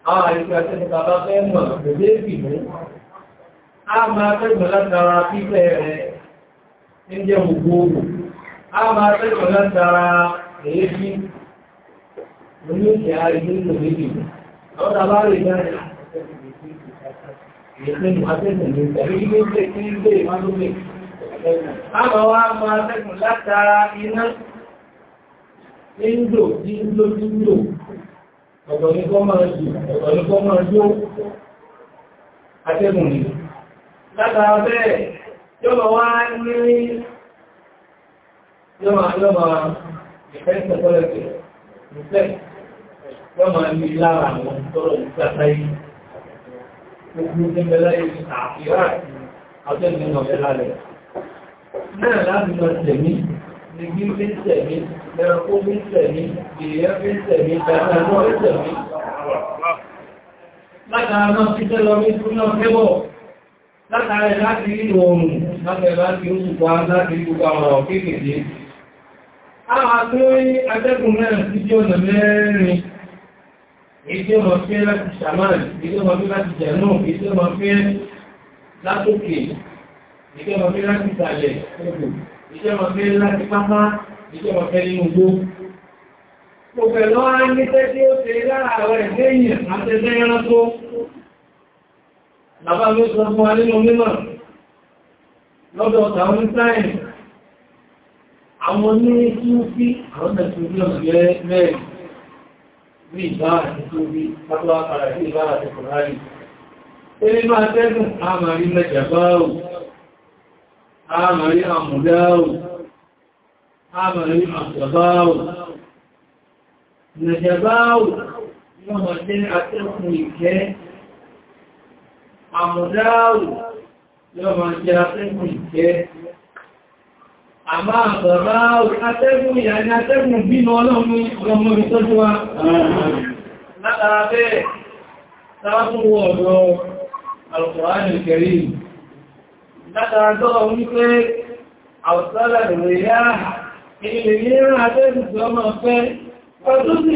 Àwọn àìsí àtẹ́sùn bàbá fẹ́ mọ̀ A máa fẹ́ gbọ́lá ń jẹ́ a máa tẹ́kọ̀ọ́ látara èébí oníṣẹ́ àìsí ìlú méjì lọ́dà bá rí dáadáa ìyẹ̀sẹ̀mù atẹ́sẹ̀ ní ìtàrí ilé ilé tí ń lè máa ló lè a máa wá máa tẹ́kọ̀ọ́ látara yọ́mọ̀ wá ní yọ́mọ̀ ní lára àwọn tọ́rọ̀ ìgbàtàyí gbogbo jẹ́mẹ́lá ìlú àfihàn àjẹ́gbẹ̀ náà lálẹ̀ náà láti lọ tẹ̀mí nígbí fi tẹ̀mí tẹ̀mí ìrìyà fi tẹ̀mí dáadáa náà tẹ̀mí látara náà fi tẹ́lọ látàrí láti rí oòrùn látàrí láti rí ṣùgbà láti rí gbogbo àwọn ọ̀rọ̀ kéèkèé a máa tó rí atẹ́kùn mẹ́rin sí tí ọ̀nà mẹ́rin èdè ọmọ fẹ́ láti ṣàmáà èdè ọmọ fẹ́ láti jẹ̀nú èdè ọmọ fẹ́ látòkè èdè ọmọ fẹ́ láti ìsàlẹ̀ ẹgbò èdè ọmọ fẹ́ láti bàbá ló sọ fún wa nínú mímọ̀ lọ́dọ̀ àwọn sáyẹ̀n àwọn ní tí ó fi àwọn nàìjíríà jẹ́ mẹ́rin bí ìbá àti tó bí pápá padà sí ìbá àti kòrárì eré máa tẹ́gùn àmàrí mẹ́jàbáwò àmàrí àmùdáwò àmàrí àjàbáwò àmúdáàrù yóò máa jẹ́ atẹ́gùn ìjẹ́ àmá àbàbáàrù atẹ́gùn ìyà ni atẹ́gùn bínú ọlọ́run ọmọ ìtọ́jú wa látara bẹ́ẹ̀ sáwọ́tún wọ ọ̀dọ̀ alùkùránì kẹrì látara tọ́lọ wípé àwùsálà rẹ̀ yá ilẹ̀ yẹ́rọ atẹ́gùn tí ọmọ fẹ́ ọdún sí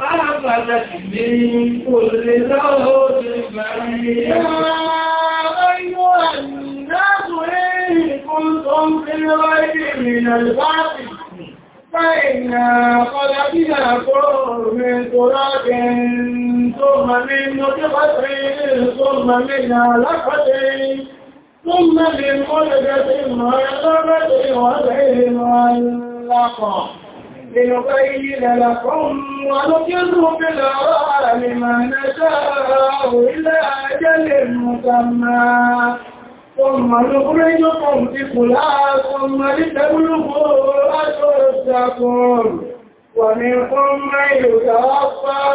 أفلك من كل زوج بعيد أيها الناس إن كنتم في الغيب من الباطل فإنا خلقناكم من تراب ثم من نطفة ثم من علقة ثم من ملكة وعلقة وغير معلقة بالخيل لكم ونقر في الأرار من نشاء إلى أجل مسمى ثم نخرجكم طفلا ثم لتبلغوا أشدكم ومنكم من يتوفى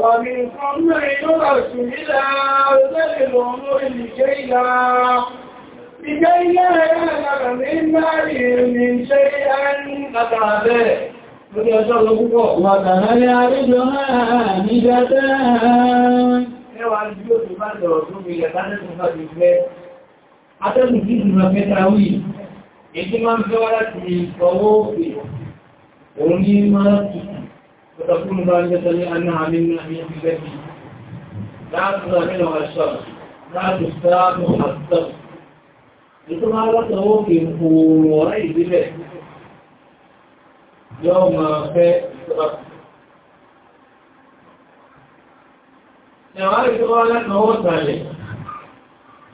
ومنكم من يرد إلى أرذل الأمور لكي لا لكي لا يعلم من مال من شيئا قطع به Wàtàrálé àríjọ máa ní dáadáa. Ẹwà ní yóò ti bá lọ ọdún ilẹ̀ bá nẹ́sùn bá ti fẹ́. Atẹ́sùn sí ìrìnà mẹ́ta wì, èdè máa ń fẹ́ wá láti ọwọ́ òfè, òun ní máa ti pẹ̀tàkùn bá ń jẹ́ta ní aná àmì ní àmì ìfẹ́ bí. Láàrín àmì àwọn ẹ̀ṣọ́, yóò máa fẹ́ ìjọba. Ìyàwó ìjọba lẹ́nàwó tààlẹ̀,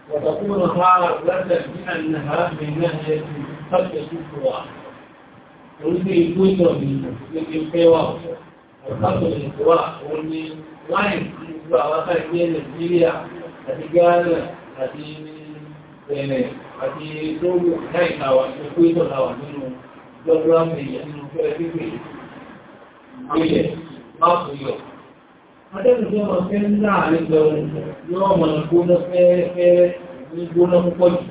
wàtàkùn ọ̀hárà lẹ́tẹ̀ bí àìyànhà mẹ́rin náà ẹ̀ ti tàbí ṣùkú wa. Orílẹ̀ ìlú ìjọ mi ní kí n fẹ́ wà ọ̀tàkùn ìjọba òun ni láì sí ìjọba wákà ilé Nàìjíríà àti Ghana àti Bẹ̀rẹ̀ àti Lóòrùn láìka wà ní ìjọba nínú lọ́dún àwọn èèyàn nínú fẹ́rẹ́ pípé ìyẹ má kú yọ. Adẹ́kùn tí wọ́n fẹ́ ń láàrin lọ yóò mọ̀ gbóná fẹ́ẹ́fẹ́ ní gbóná púpọ̀ jù.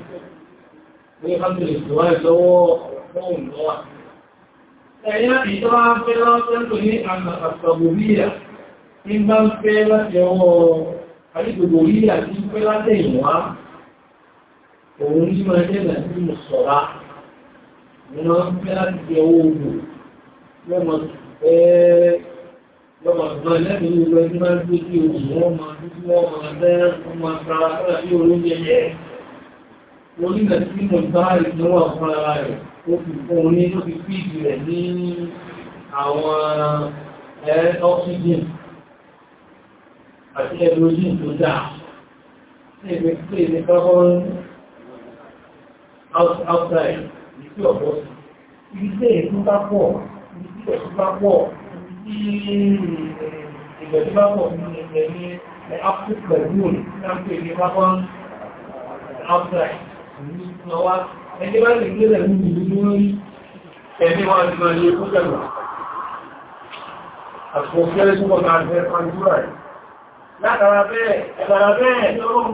Oye ká tó lè tó wáyé lọ́wọ́ fóònù lọ́wà. Ẹ̀yà ìjọba fẹ́ lọ́wọ́ tó ní àgbàgbòríyà tí bá ń fẹ́ láti ọwọ́ àrígbòríyà tí ń fẹ́ látẹ̀yìnwá. Òun ní máa jẹ́ nàìjíríà sọ̀rá nínú fẹ́ láti jẹ owó ogun lọ́mọ ẹ̀ẹ́ lọ́mọ ìgbọ́n lẹ́mìí ìlú ẹni máa ń gbé sí ogun wọ́n máa dúdú wọ́n máa bẹ́ wọ́n máa tara fẹ́ra sí olóúnjẹ yẹ onígbà tí mo bá ìdánwò fún ara rẹ̀ ó fi fún un ní ló fi fíìdì rẹ̀ àti ẹ̀rọjìn tó dáa ní ìgbésí ní outside ibi tí ọ̀dọ́ sí ibi tí èékú bá pọ̀ ibi tí ọ̀dọ́ bá pọ̀ ibi tí ìgbẹ̀dú bá pọ̀ ní ẹgbẹ̀ ní áfíríkà eh, pẹ̀lú òní ní áfíríkà ní pápá outside ní lọ́wọ́ ẹni bá lè gbé lẹ́nu ìlú lórí ẹni wá ti máa yẹ kó tẹ̀lá àti òfin ẹni tó wọ́n máa fẹ́ pàǹdúrà yìí látara bẹ́ẹ̀ ẹ̀bàrà nínú ayà ìkùnrin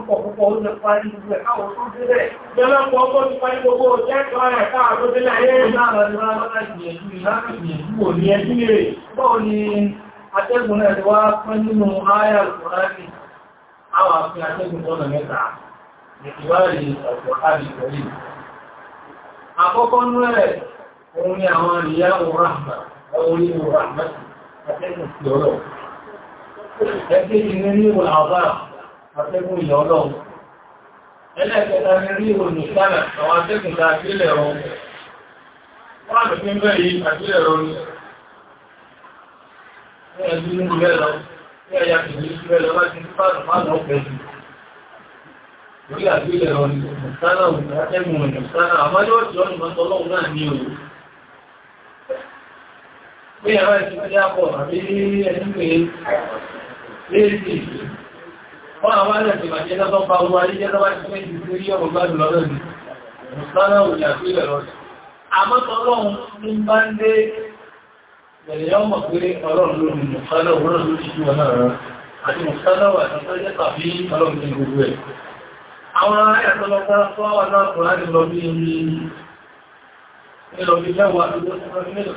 àwọn àfihàn atẹ́gùn tọ́nà mẹ́ta ìwárí ọ̀pọ̀ àbìkọ̀rí àkọ́kọ́ nú ẹ̀ òun ni àwọn ìyá òun ràhmà ẹ̀wọ̀n ní òun ràhmà atẹ́gùn ẹgbẹ́jì ní ríhùn àbá àtẹ́kùn ìyà ọlọ́run ẹlẹ́kẹta ní ríhùn nìkánà àwọn atẹ́kùn ta àgbélẹ̀ ọ̀run wọ́n àti ń bẹ́ yìí àgbélẹ̀ ọ̀run ní ẹ̀dú ní ìlẹ́ lọ ní ẹ̀yà kìí ìlẹ́ lọ láti pàtàkì pàtàkì ọ̀pẹ̀ jù orí àgbélẹ̀ ọ̀run nìkánà àtẹ́kùn nìkánà àmájọ́ ọ̀tí ọ̀nà Bí ẹ̀rọ ìsinmi dápọ̀ àbí ẹni pé léèkì wọ́n àwọn àrẹ̀sì ìbàjẹ́ lọ́tọ́ pa owó aríjẹ́ lọ́wọ́ ti fẹ́ ìdíkú rí ọ̀rọ̀ gbádùn lọ́rọ̀ ní mùsùlùmí òní àti ilẹ̀ lọ́rọ̀ àmọ́ tọ́lọ́run ní bá ń dé bẹ̀rẹ̀ yọ́ mọ̀ pé ọlọ́run ló ní mùsùlùmí òwúrọ̀ ló ti ṣú ọ̀nà rẹ̀ àti mùsùlùmí àwọn àtọ́jẹ́ tàbí ọlọ́run ní gbogbo ẹ̀ àwọn ayàtọ́lọ́pọ̀ tó wà náà kùnrin lọ bí i ní lọ bí mẹ́wàá tó lọ́sọ́rọ̀ mẹ́lọ̀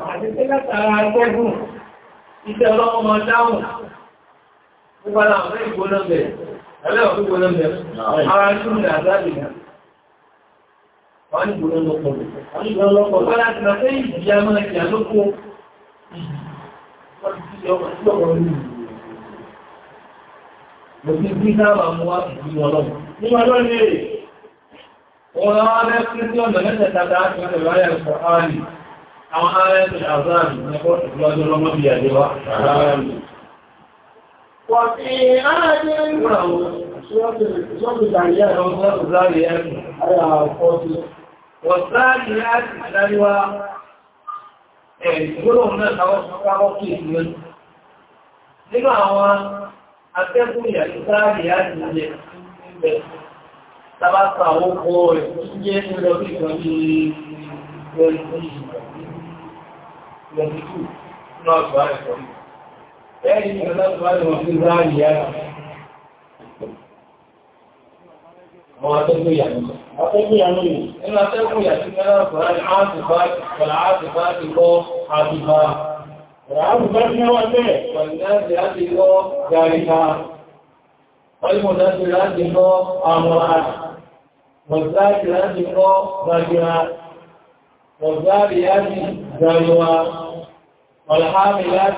àti pé látara ẹgbẹ́gùn iṣẹ́ ọlọ́wọ́ máa dáhùn nípa láwọn ìgbóná bẹ̀ ẹlẹ́wọ̀n tó gbóná bẹ̀ ara ń tún ní àzáàdì náà wọ́n ní gbóná lọ́pọ̀ wọ́n ní gbóná lọ́pọ̀ bá láti máa fẹ́ ìjìyà máa ìjìyà lókó Mo ti bí sáàbà mú wá sí ìwọ̀n lọ́wọ́. Ní wọ́n lọ́rọ̀ ní èrè, wọ́n rán wá bẹ́ wọ́n lè ráyà ìfọ̀ àwọn arẹ́sìn àzáàrí nẹ́kọ́ ìgbàjọ́ lọ́mọ bí àjẹ́wà àárín wọ́n fi ààrẹ ìràwọ̀ ṣọ́bù ìdàríyà ọmọ ìzáàrí ẹ̀rùn ara ọ̀pọ̀tù wọ́n sáàrí láti ìdáríwá ẹ̀gbọ́n náà káwọ́ kí ìsinmi nínú àwọn akẹ́kùn ìyàtí sáàrí láti ilẹ̀ 22 náà tó ààrẹ sọ. Ẹ̀yìn ìrọ̀lá tó ààrẹ wọ́n sí ráàrí yára. Àwọn atẹ́gbé yàtọ̀. Atẹ́gbé yàtọ̀ yìí. Ẹnu atẹ́gbé yàtọ̀ sí mẹ́lá ọ̀pọ̀ láti áàtìfà pẹ̀lá áàtìfà ti kọ́ àtìfà. Ẹ̀rọ àtìfà ti náwà bẹ́ẹ̀. Pẹ̀lú láti láti kọ́ gàríkà. Wọ́n mọ̀ láti والذاريات ذروا والحاملات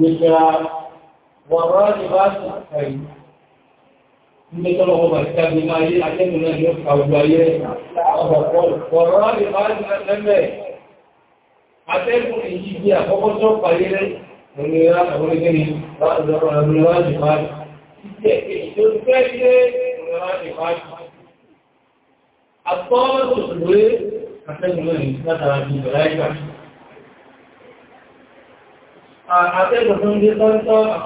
ذكرا والراجبات خير Nígbé tọ́lọ ọba ìtàbí máa yé akẹ́kùn náà yóò kàwùgbò ayé ọ̀rọ̀ ìbájú lẹ́mẹ̀. Akẹ́kùn èyí bí àkọ́kọ́ tó parí rẹ̀ òmìnira àwọn ìgbẹ̀ni rájì máa jẹ́ ètò fẹ́ atẹ́gùn lónìí látara bí ìbẹ̀láìgbà atẹ́gùn tó ń gbé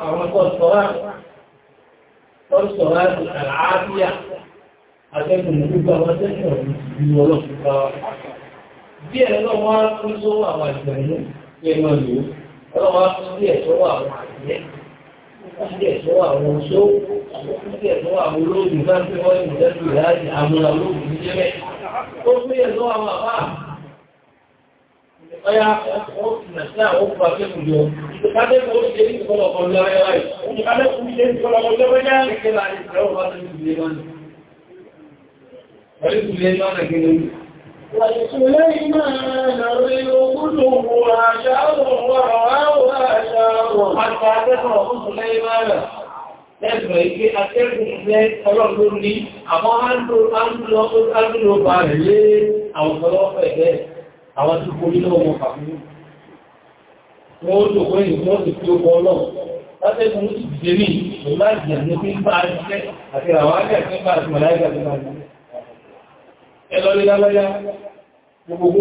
àwọn tọ́sọ̀rá àlàáfíà ọlọ́pùpá bí ẹ̀ lọ́wọ́ tún sówó àwọn ìgbẹ̀rún pẹ̀lú ìlú ọlọ́wọ́ tún sí ẹ̀sọ́wọ́ àwọn àjẹ́ àwọn oṣó, ó fún yẹ̀ lọ́wọ́ àwọn àbá ọya ó tìnà sí àwọn òkú akẹ́kùn jọ ìdíkádẹ́kùn ó ṣe ní ìkọlọ̀kọ̀ lọ́wọ́ ẹ̀ ìdíkádẹ́kùn ṣe ní ìkọlọ̀kọ̀ ẹ̀sọ̀ ìgbé akẹ́kùn fẹ́ ọlọ́run ní àwọn áńdùlọ́pàá rẹ̀ lé àwọn ọlọ́pàá ẹ̀gẹ́ àwọn tí kò nílò wọn pàmílù wọ́n tó kọ́ ìrìn wọ́n ti fi ó kọ́ lọ látẹ́kùn ti dìde ní ìlú àjìyà ní fi ń bá iṣẹ́ àti àwọn akẹ́kùn bá àti mọ̀láìkà tó bá ní ẹlọ́rí lálọ́yá gbogbo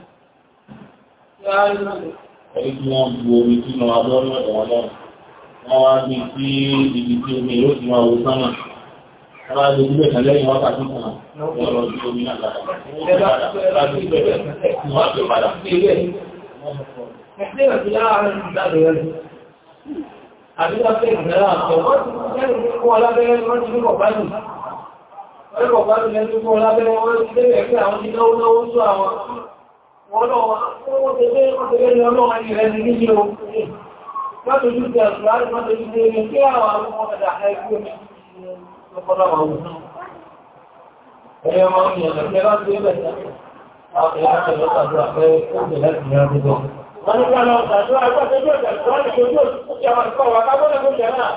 ẹni tí wọ́n bu omi tí wọ́n adọ́ lọ́dọ̀ wọn wọ́n wá bí sí ibi tí omi yóò ti máa wo sánà wọ́n wá lórí ẹ̀ka wákàtí kan wọ́n lọ sí omi náà lára Àdúgbà pé ìgbẹ̀rẹ̀ àtọ̀ wọ́n ti kẹ́rù fún ọlábẹ́rẹ́ wọ́n ti ní kọ̀báyìí. Ọlọ́pàá ló lẹ́nu fún ọlábẹ́rẹ́ wọ́n ti lé ẹ̀kẹ́ àwọn ìnáwó náwó tó àwọn Ẹyẹ máa ń yẹ̀nà kí ẹ bá tí ó bẹ̀ẹ̀ àwọn ìyá ṣẹlẹ̀ ṣàdúrà pé ó bẹ̀ẹ̀ láti ní ọdún tó. Wọ́n ní ká lọ ṣàdúrà ẹgbẹ́ tó jẹ́ ìjẹ̀ tó wọ́n ní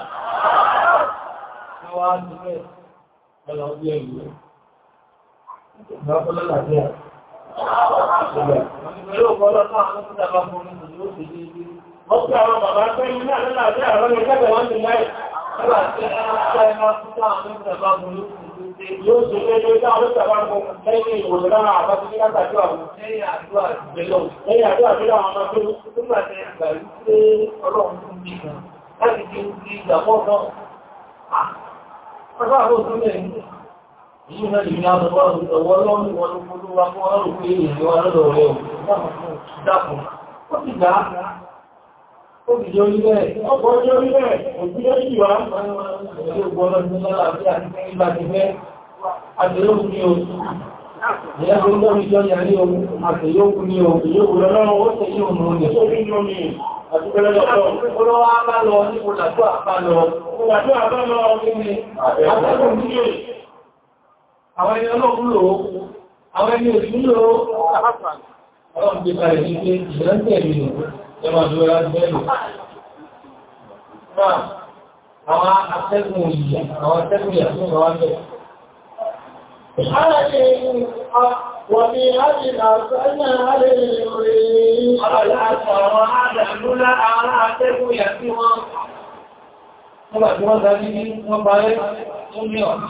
kí ó jẹ́ Ọjọ́ àwọn bàbá pẹ́ ní àlọ́lá àti àwọn ẹgbẹ́ wọn ti láì, ọjọ́ àti ẹgbẹ́ wọn ti láì, ọjọ́ àti ẹgbẹ́ wọn ti láì yóò ṣe lẹ́yìn ọjọ́ àwọn ìṣàbá ń bọ̀ lẹ́yìn ìwòsàn lára àbájú ní látàjú àwọn lẹ́yìn àdúrà ìgbẹ̀lọ́ lẹ́yìn àdúrà tó láwọn ọmọ tó túnbà tẹ àgbà yìí pé ọlọ́run tún bí kan láti di ìgbàgbọ́ náà. Ah! ọjọ́ àwọn òṣèlú Ìjọba ìgbìyànjú ọwọ́ lọ́rùn wọn òjú yóò wá, ẹ̀yọ́ gbọ́nà ní lọ́la àti àti ìgbà ti fẹ́, àtẹ̀lókù ní oṣù. Ìyá tó ń gbọ́ ìjọ ní àrí ohun, àtẹ̀lókù ní ohun, ìyókù lọ́lọ́run ó tẹ̀lé òun òun ní sórí ìjọ ní àtúkẹ́lẹ́ lọ́lọ́run. Ó lọ́wọ́ á bá lọ ní kò làtọ́ àbá lọ. Kò àwọn ẹni ọlọ́run lò àwọn ẹni òṣù lò ọlọ́run gbé kalẹ̀ sí pé ìrántẹ̀ mi nù ẹmà lóra bẹ́ẹ̀lù wọ́n bá tí wọ́n dá ní wọ́n parẹ́ tó ní ọ̀nà.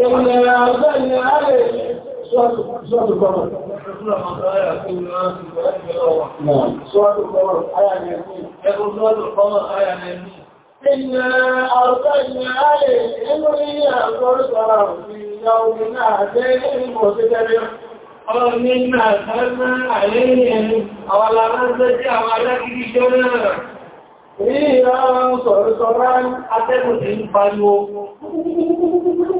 إن أرسلنا عليه سورة القمر سورة القمر آية سورة القمر آية إنا أرسلنا عليه إمريا صرصرا في يومنا سيد المتكبر ومما أرسلنا عليهم أولا من سجع ولكن شرنا Ìyá sọ̀rọ̀sọ̀rọ̀ àtẹ́kùn sí ń pariwo.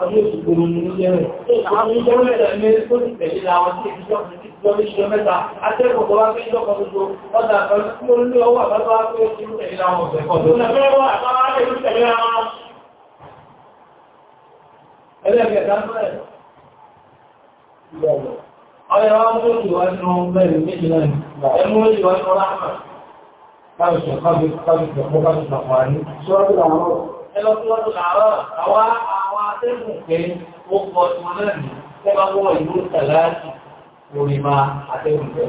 ọdún ìṣòro ní ìjẹ́rẹ̀. Àwọn ìjẹ́rẹ̀ ẹ̀mẹ́ tó ti tẹ̀lé àwọn tí ìjọ́ ìṣẹ́ mẹ́ta, atẹ́kọ̀ọ́ bá fẹ́ ìjọ́ kan gbogbo, ọdá kan tí ó ní ọwọ́ àbábá pé ó ti tẹ̀lé àwọn ọ̀fẹ́ kan tó. Ẹlẹ́gbẹ̀ẹ́ta mẹ́rin. Ọ̀rẹ́ wa mú ìwádìí ọmọ mẹ́rin méjìlá ẹ̀mú ìwádìí ọlá àmà. Káàkiri ṣe káàkiri ṣe kọ́ bá ti ṣàkọ́ àní. Ṣọ́rọ̀ atẹ́gùn pé ó kọ ọdún náà ní tẹ́bá wọ́ ìlú tàláàtì orí máa atẹ́gùn jẹ́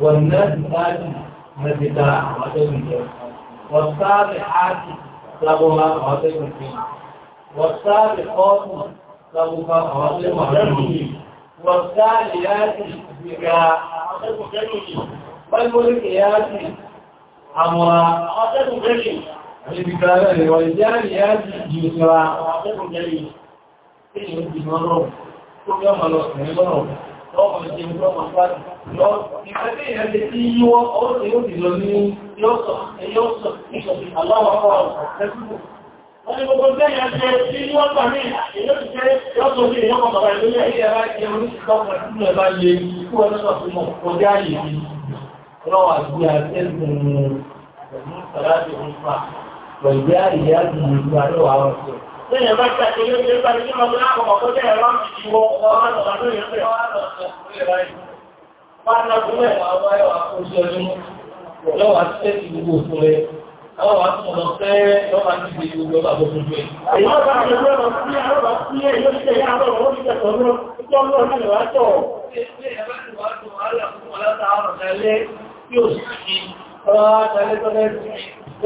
wọ̀n náà ti táàtì náà ti dára àwọn atẹ́gùn jẹ́ wọ́n sáàbì áàtì lábọ́lá àwọn atẹ́gùn jẹ́ wọ́n sáàbì ọ́ọ̀tù lábọ́lá àwọn atẹ́gùn jẹ́ Àlébìkàrẹ́ rẹ̀ tí ìyẹn ti mọ́ lọ́rọ̀ tó sí lọ́rọ̀ lọ́wọ́ ìjẹ́ ìgbọ́mọ̀ pàdé lọ ìfẹ́ tí ìyẹn ti tí yíwọ́ ọ́ tí ó ti lọ ní yọ́sọ̀ ẹ̀yọ́sọ̀ ìṣọ̀tí aláwọ̀ ọ̀rọ̀ ẹ̀kùn. Wọ́n ni gbogbo jẹ́ pẹ̀lú àìyá ti ìlú àríwá wọn sí. Lẹ́yìn bá ṣàkí ló ṣe bá ní tó tún lọ Èyí wọ́n bá ṣe lọ́rọ̀ sí tí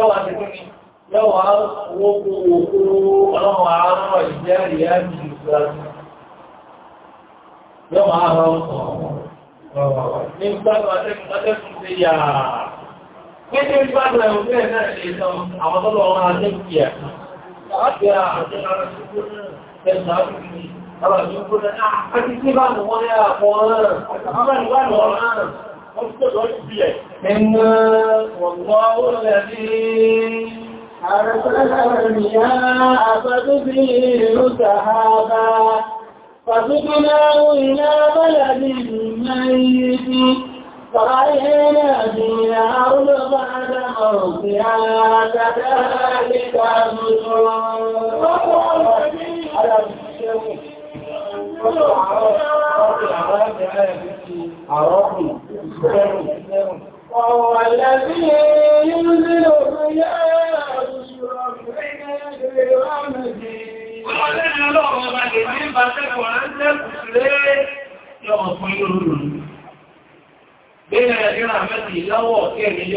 ó lọ́wọ́ wókú wókú ọlọ́wọ́ àárọ̀ ìjẹ́rì ẹ̀mí ìgbà yọ́ máa rọ ní gbàgbà tẹ́kùn sí yà pínlẹ̀ gbàgbà ìwọ̀n náà lè sọ àwọn tọ́lọ̀ wọn àtẹ́kì ẹ̀ láti àti ara ṣùgbọ́n tẹ́sà ápùpù àwọn ìṣòkúrò náà àti ah, tí bá nù wọ́n ní àpọ̀ ọ̀rọ̀ Ẹnu ọ̀gbọ́n ó lẹ́bí أرسل المياه فتثير سحابا فسقناه إلى بلد ميت فرأينا فيها أرض بعد موتها كذلك النشور أراحي وهو الذي ينزل الرياح بشرا بين يدي رحمته Ọlọ́run ọlọ́run ọba lè ní ìbátẹ́kọ̀ọ́ ẹ̀ẹ́dẹ́kùn lé yọmọ fún ìrúrù. Bẹ́ẹ̀rẹ̀ ìrìn àmẹ́sì lọ́wọ́ kẹ́rin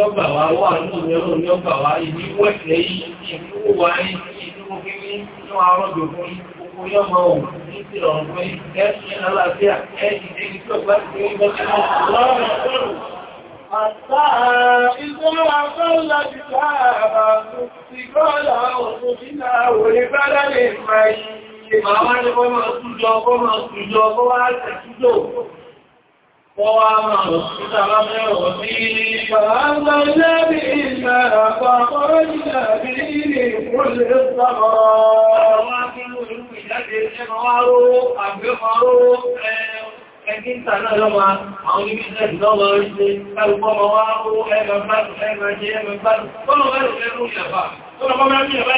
Àwọn ẹni kọ́ máa súnjọ, kọ́ máa súnjọ, kọ́ wá tẹ̀síjò, kọ́ wá máa súnjọ alámẹ́rọ̀ sí ṣàánà lẹ́bí ìlẹ̀ àpapọ̀ ìlẹ̀ àbí ilẹ̀ ìpínlẹ̀ sọ́rọ̀. Àwọn akínú ìlú ẹgbẹ́ta náà lọ́mọ àwọn oníbíṣẹ́sì lọ́mọ oríṣẹ́ ẹgbùgbọ́ ma wá ó ẹgbà gbádùn ẹgbà jẹ́ ẹgbà gbádùn kọ́nà bẹ́rù fẹ́rù ìyàfà kọ́nà bọ́ mẹ́rù ìyàfà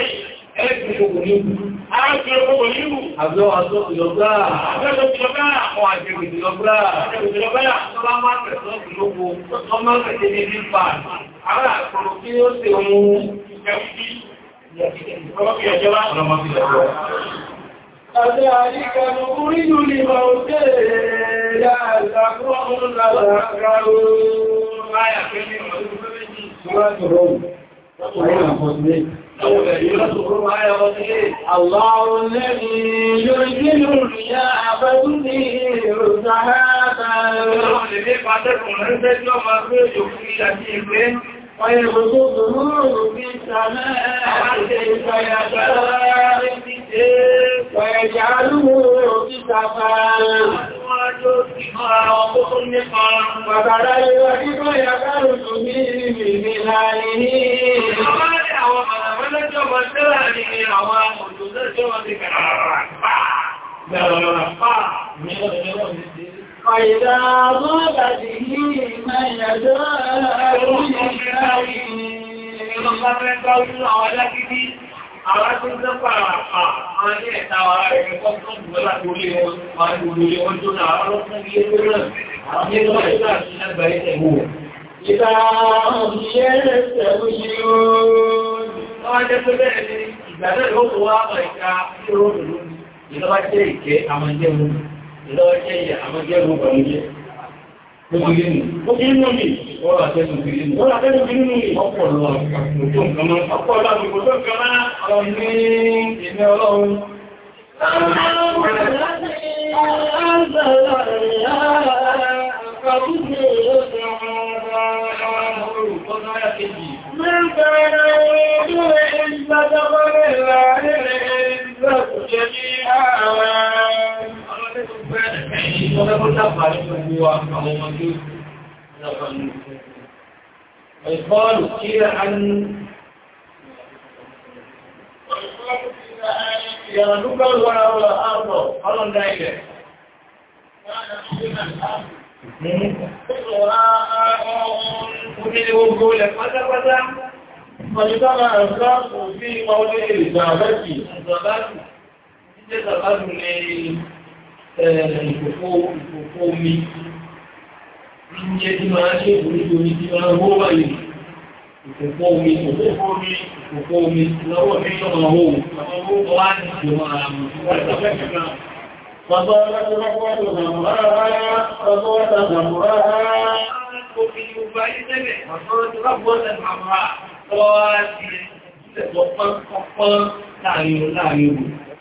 فذلك نخرج لموتى لعلهم يضحكون آية كلمة سورة الروم الله الذي يرسل الرياح فتثير سحابا ويبسط نوره في السماء كيف يشاء ويجعله كسفا وترى الوحيد يخرج من بلاله Gbẹ̀rọ̀ lọ́rọ̀ pàá ní ọ̀rọ̀ ìrọ̀ ìdí. فإذا ضرب به من يدعو Àwọn tó ń lọ́ọ̀ṣẹ́ yẹ àmọ́jẹ́rù bàmújẹ́ gbogbo nínú gbogbo nínú mi wọ́n rà tẹ́sùn kiri nínú wọ́n rà tẹ́sùn kiri nínú mi ọ̀pọ̀ lọ àpòtò nǹkan máa ọ̀pọ̀ lọ àpòtò nǹkan máa ọ̀rọ̀ ní ìní ọlọ́run Mẹ́rin ويقال قيل عن يا نبل ولا ولا أرض قال دائما ومنهم قول فتى فتى فاجتمع الخلق في موضع الإجابة الزبات إذا زبات ìfòfó omi níjẹ́ máa ṣe oríṣi orí tí máa wó báyìí ìfòfó omi ìfòfó omi ìfòfó omi lọ́wọ́ mi lọ́wọ́ owó àwọn owó wá ní ìjọba àmì wọ́n ìtọ́fẹ́ kẹta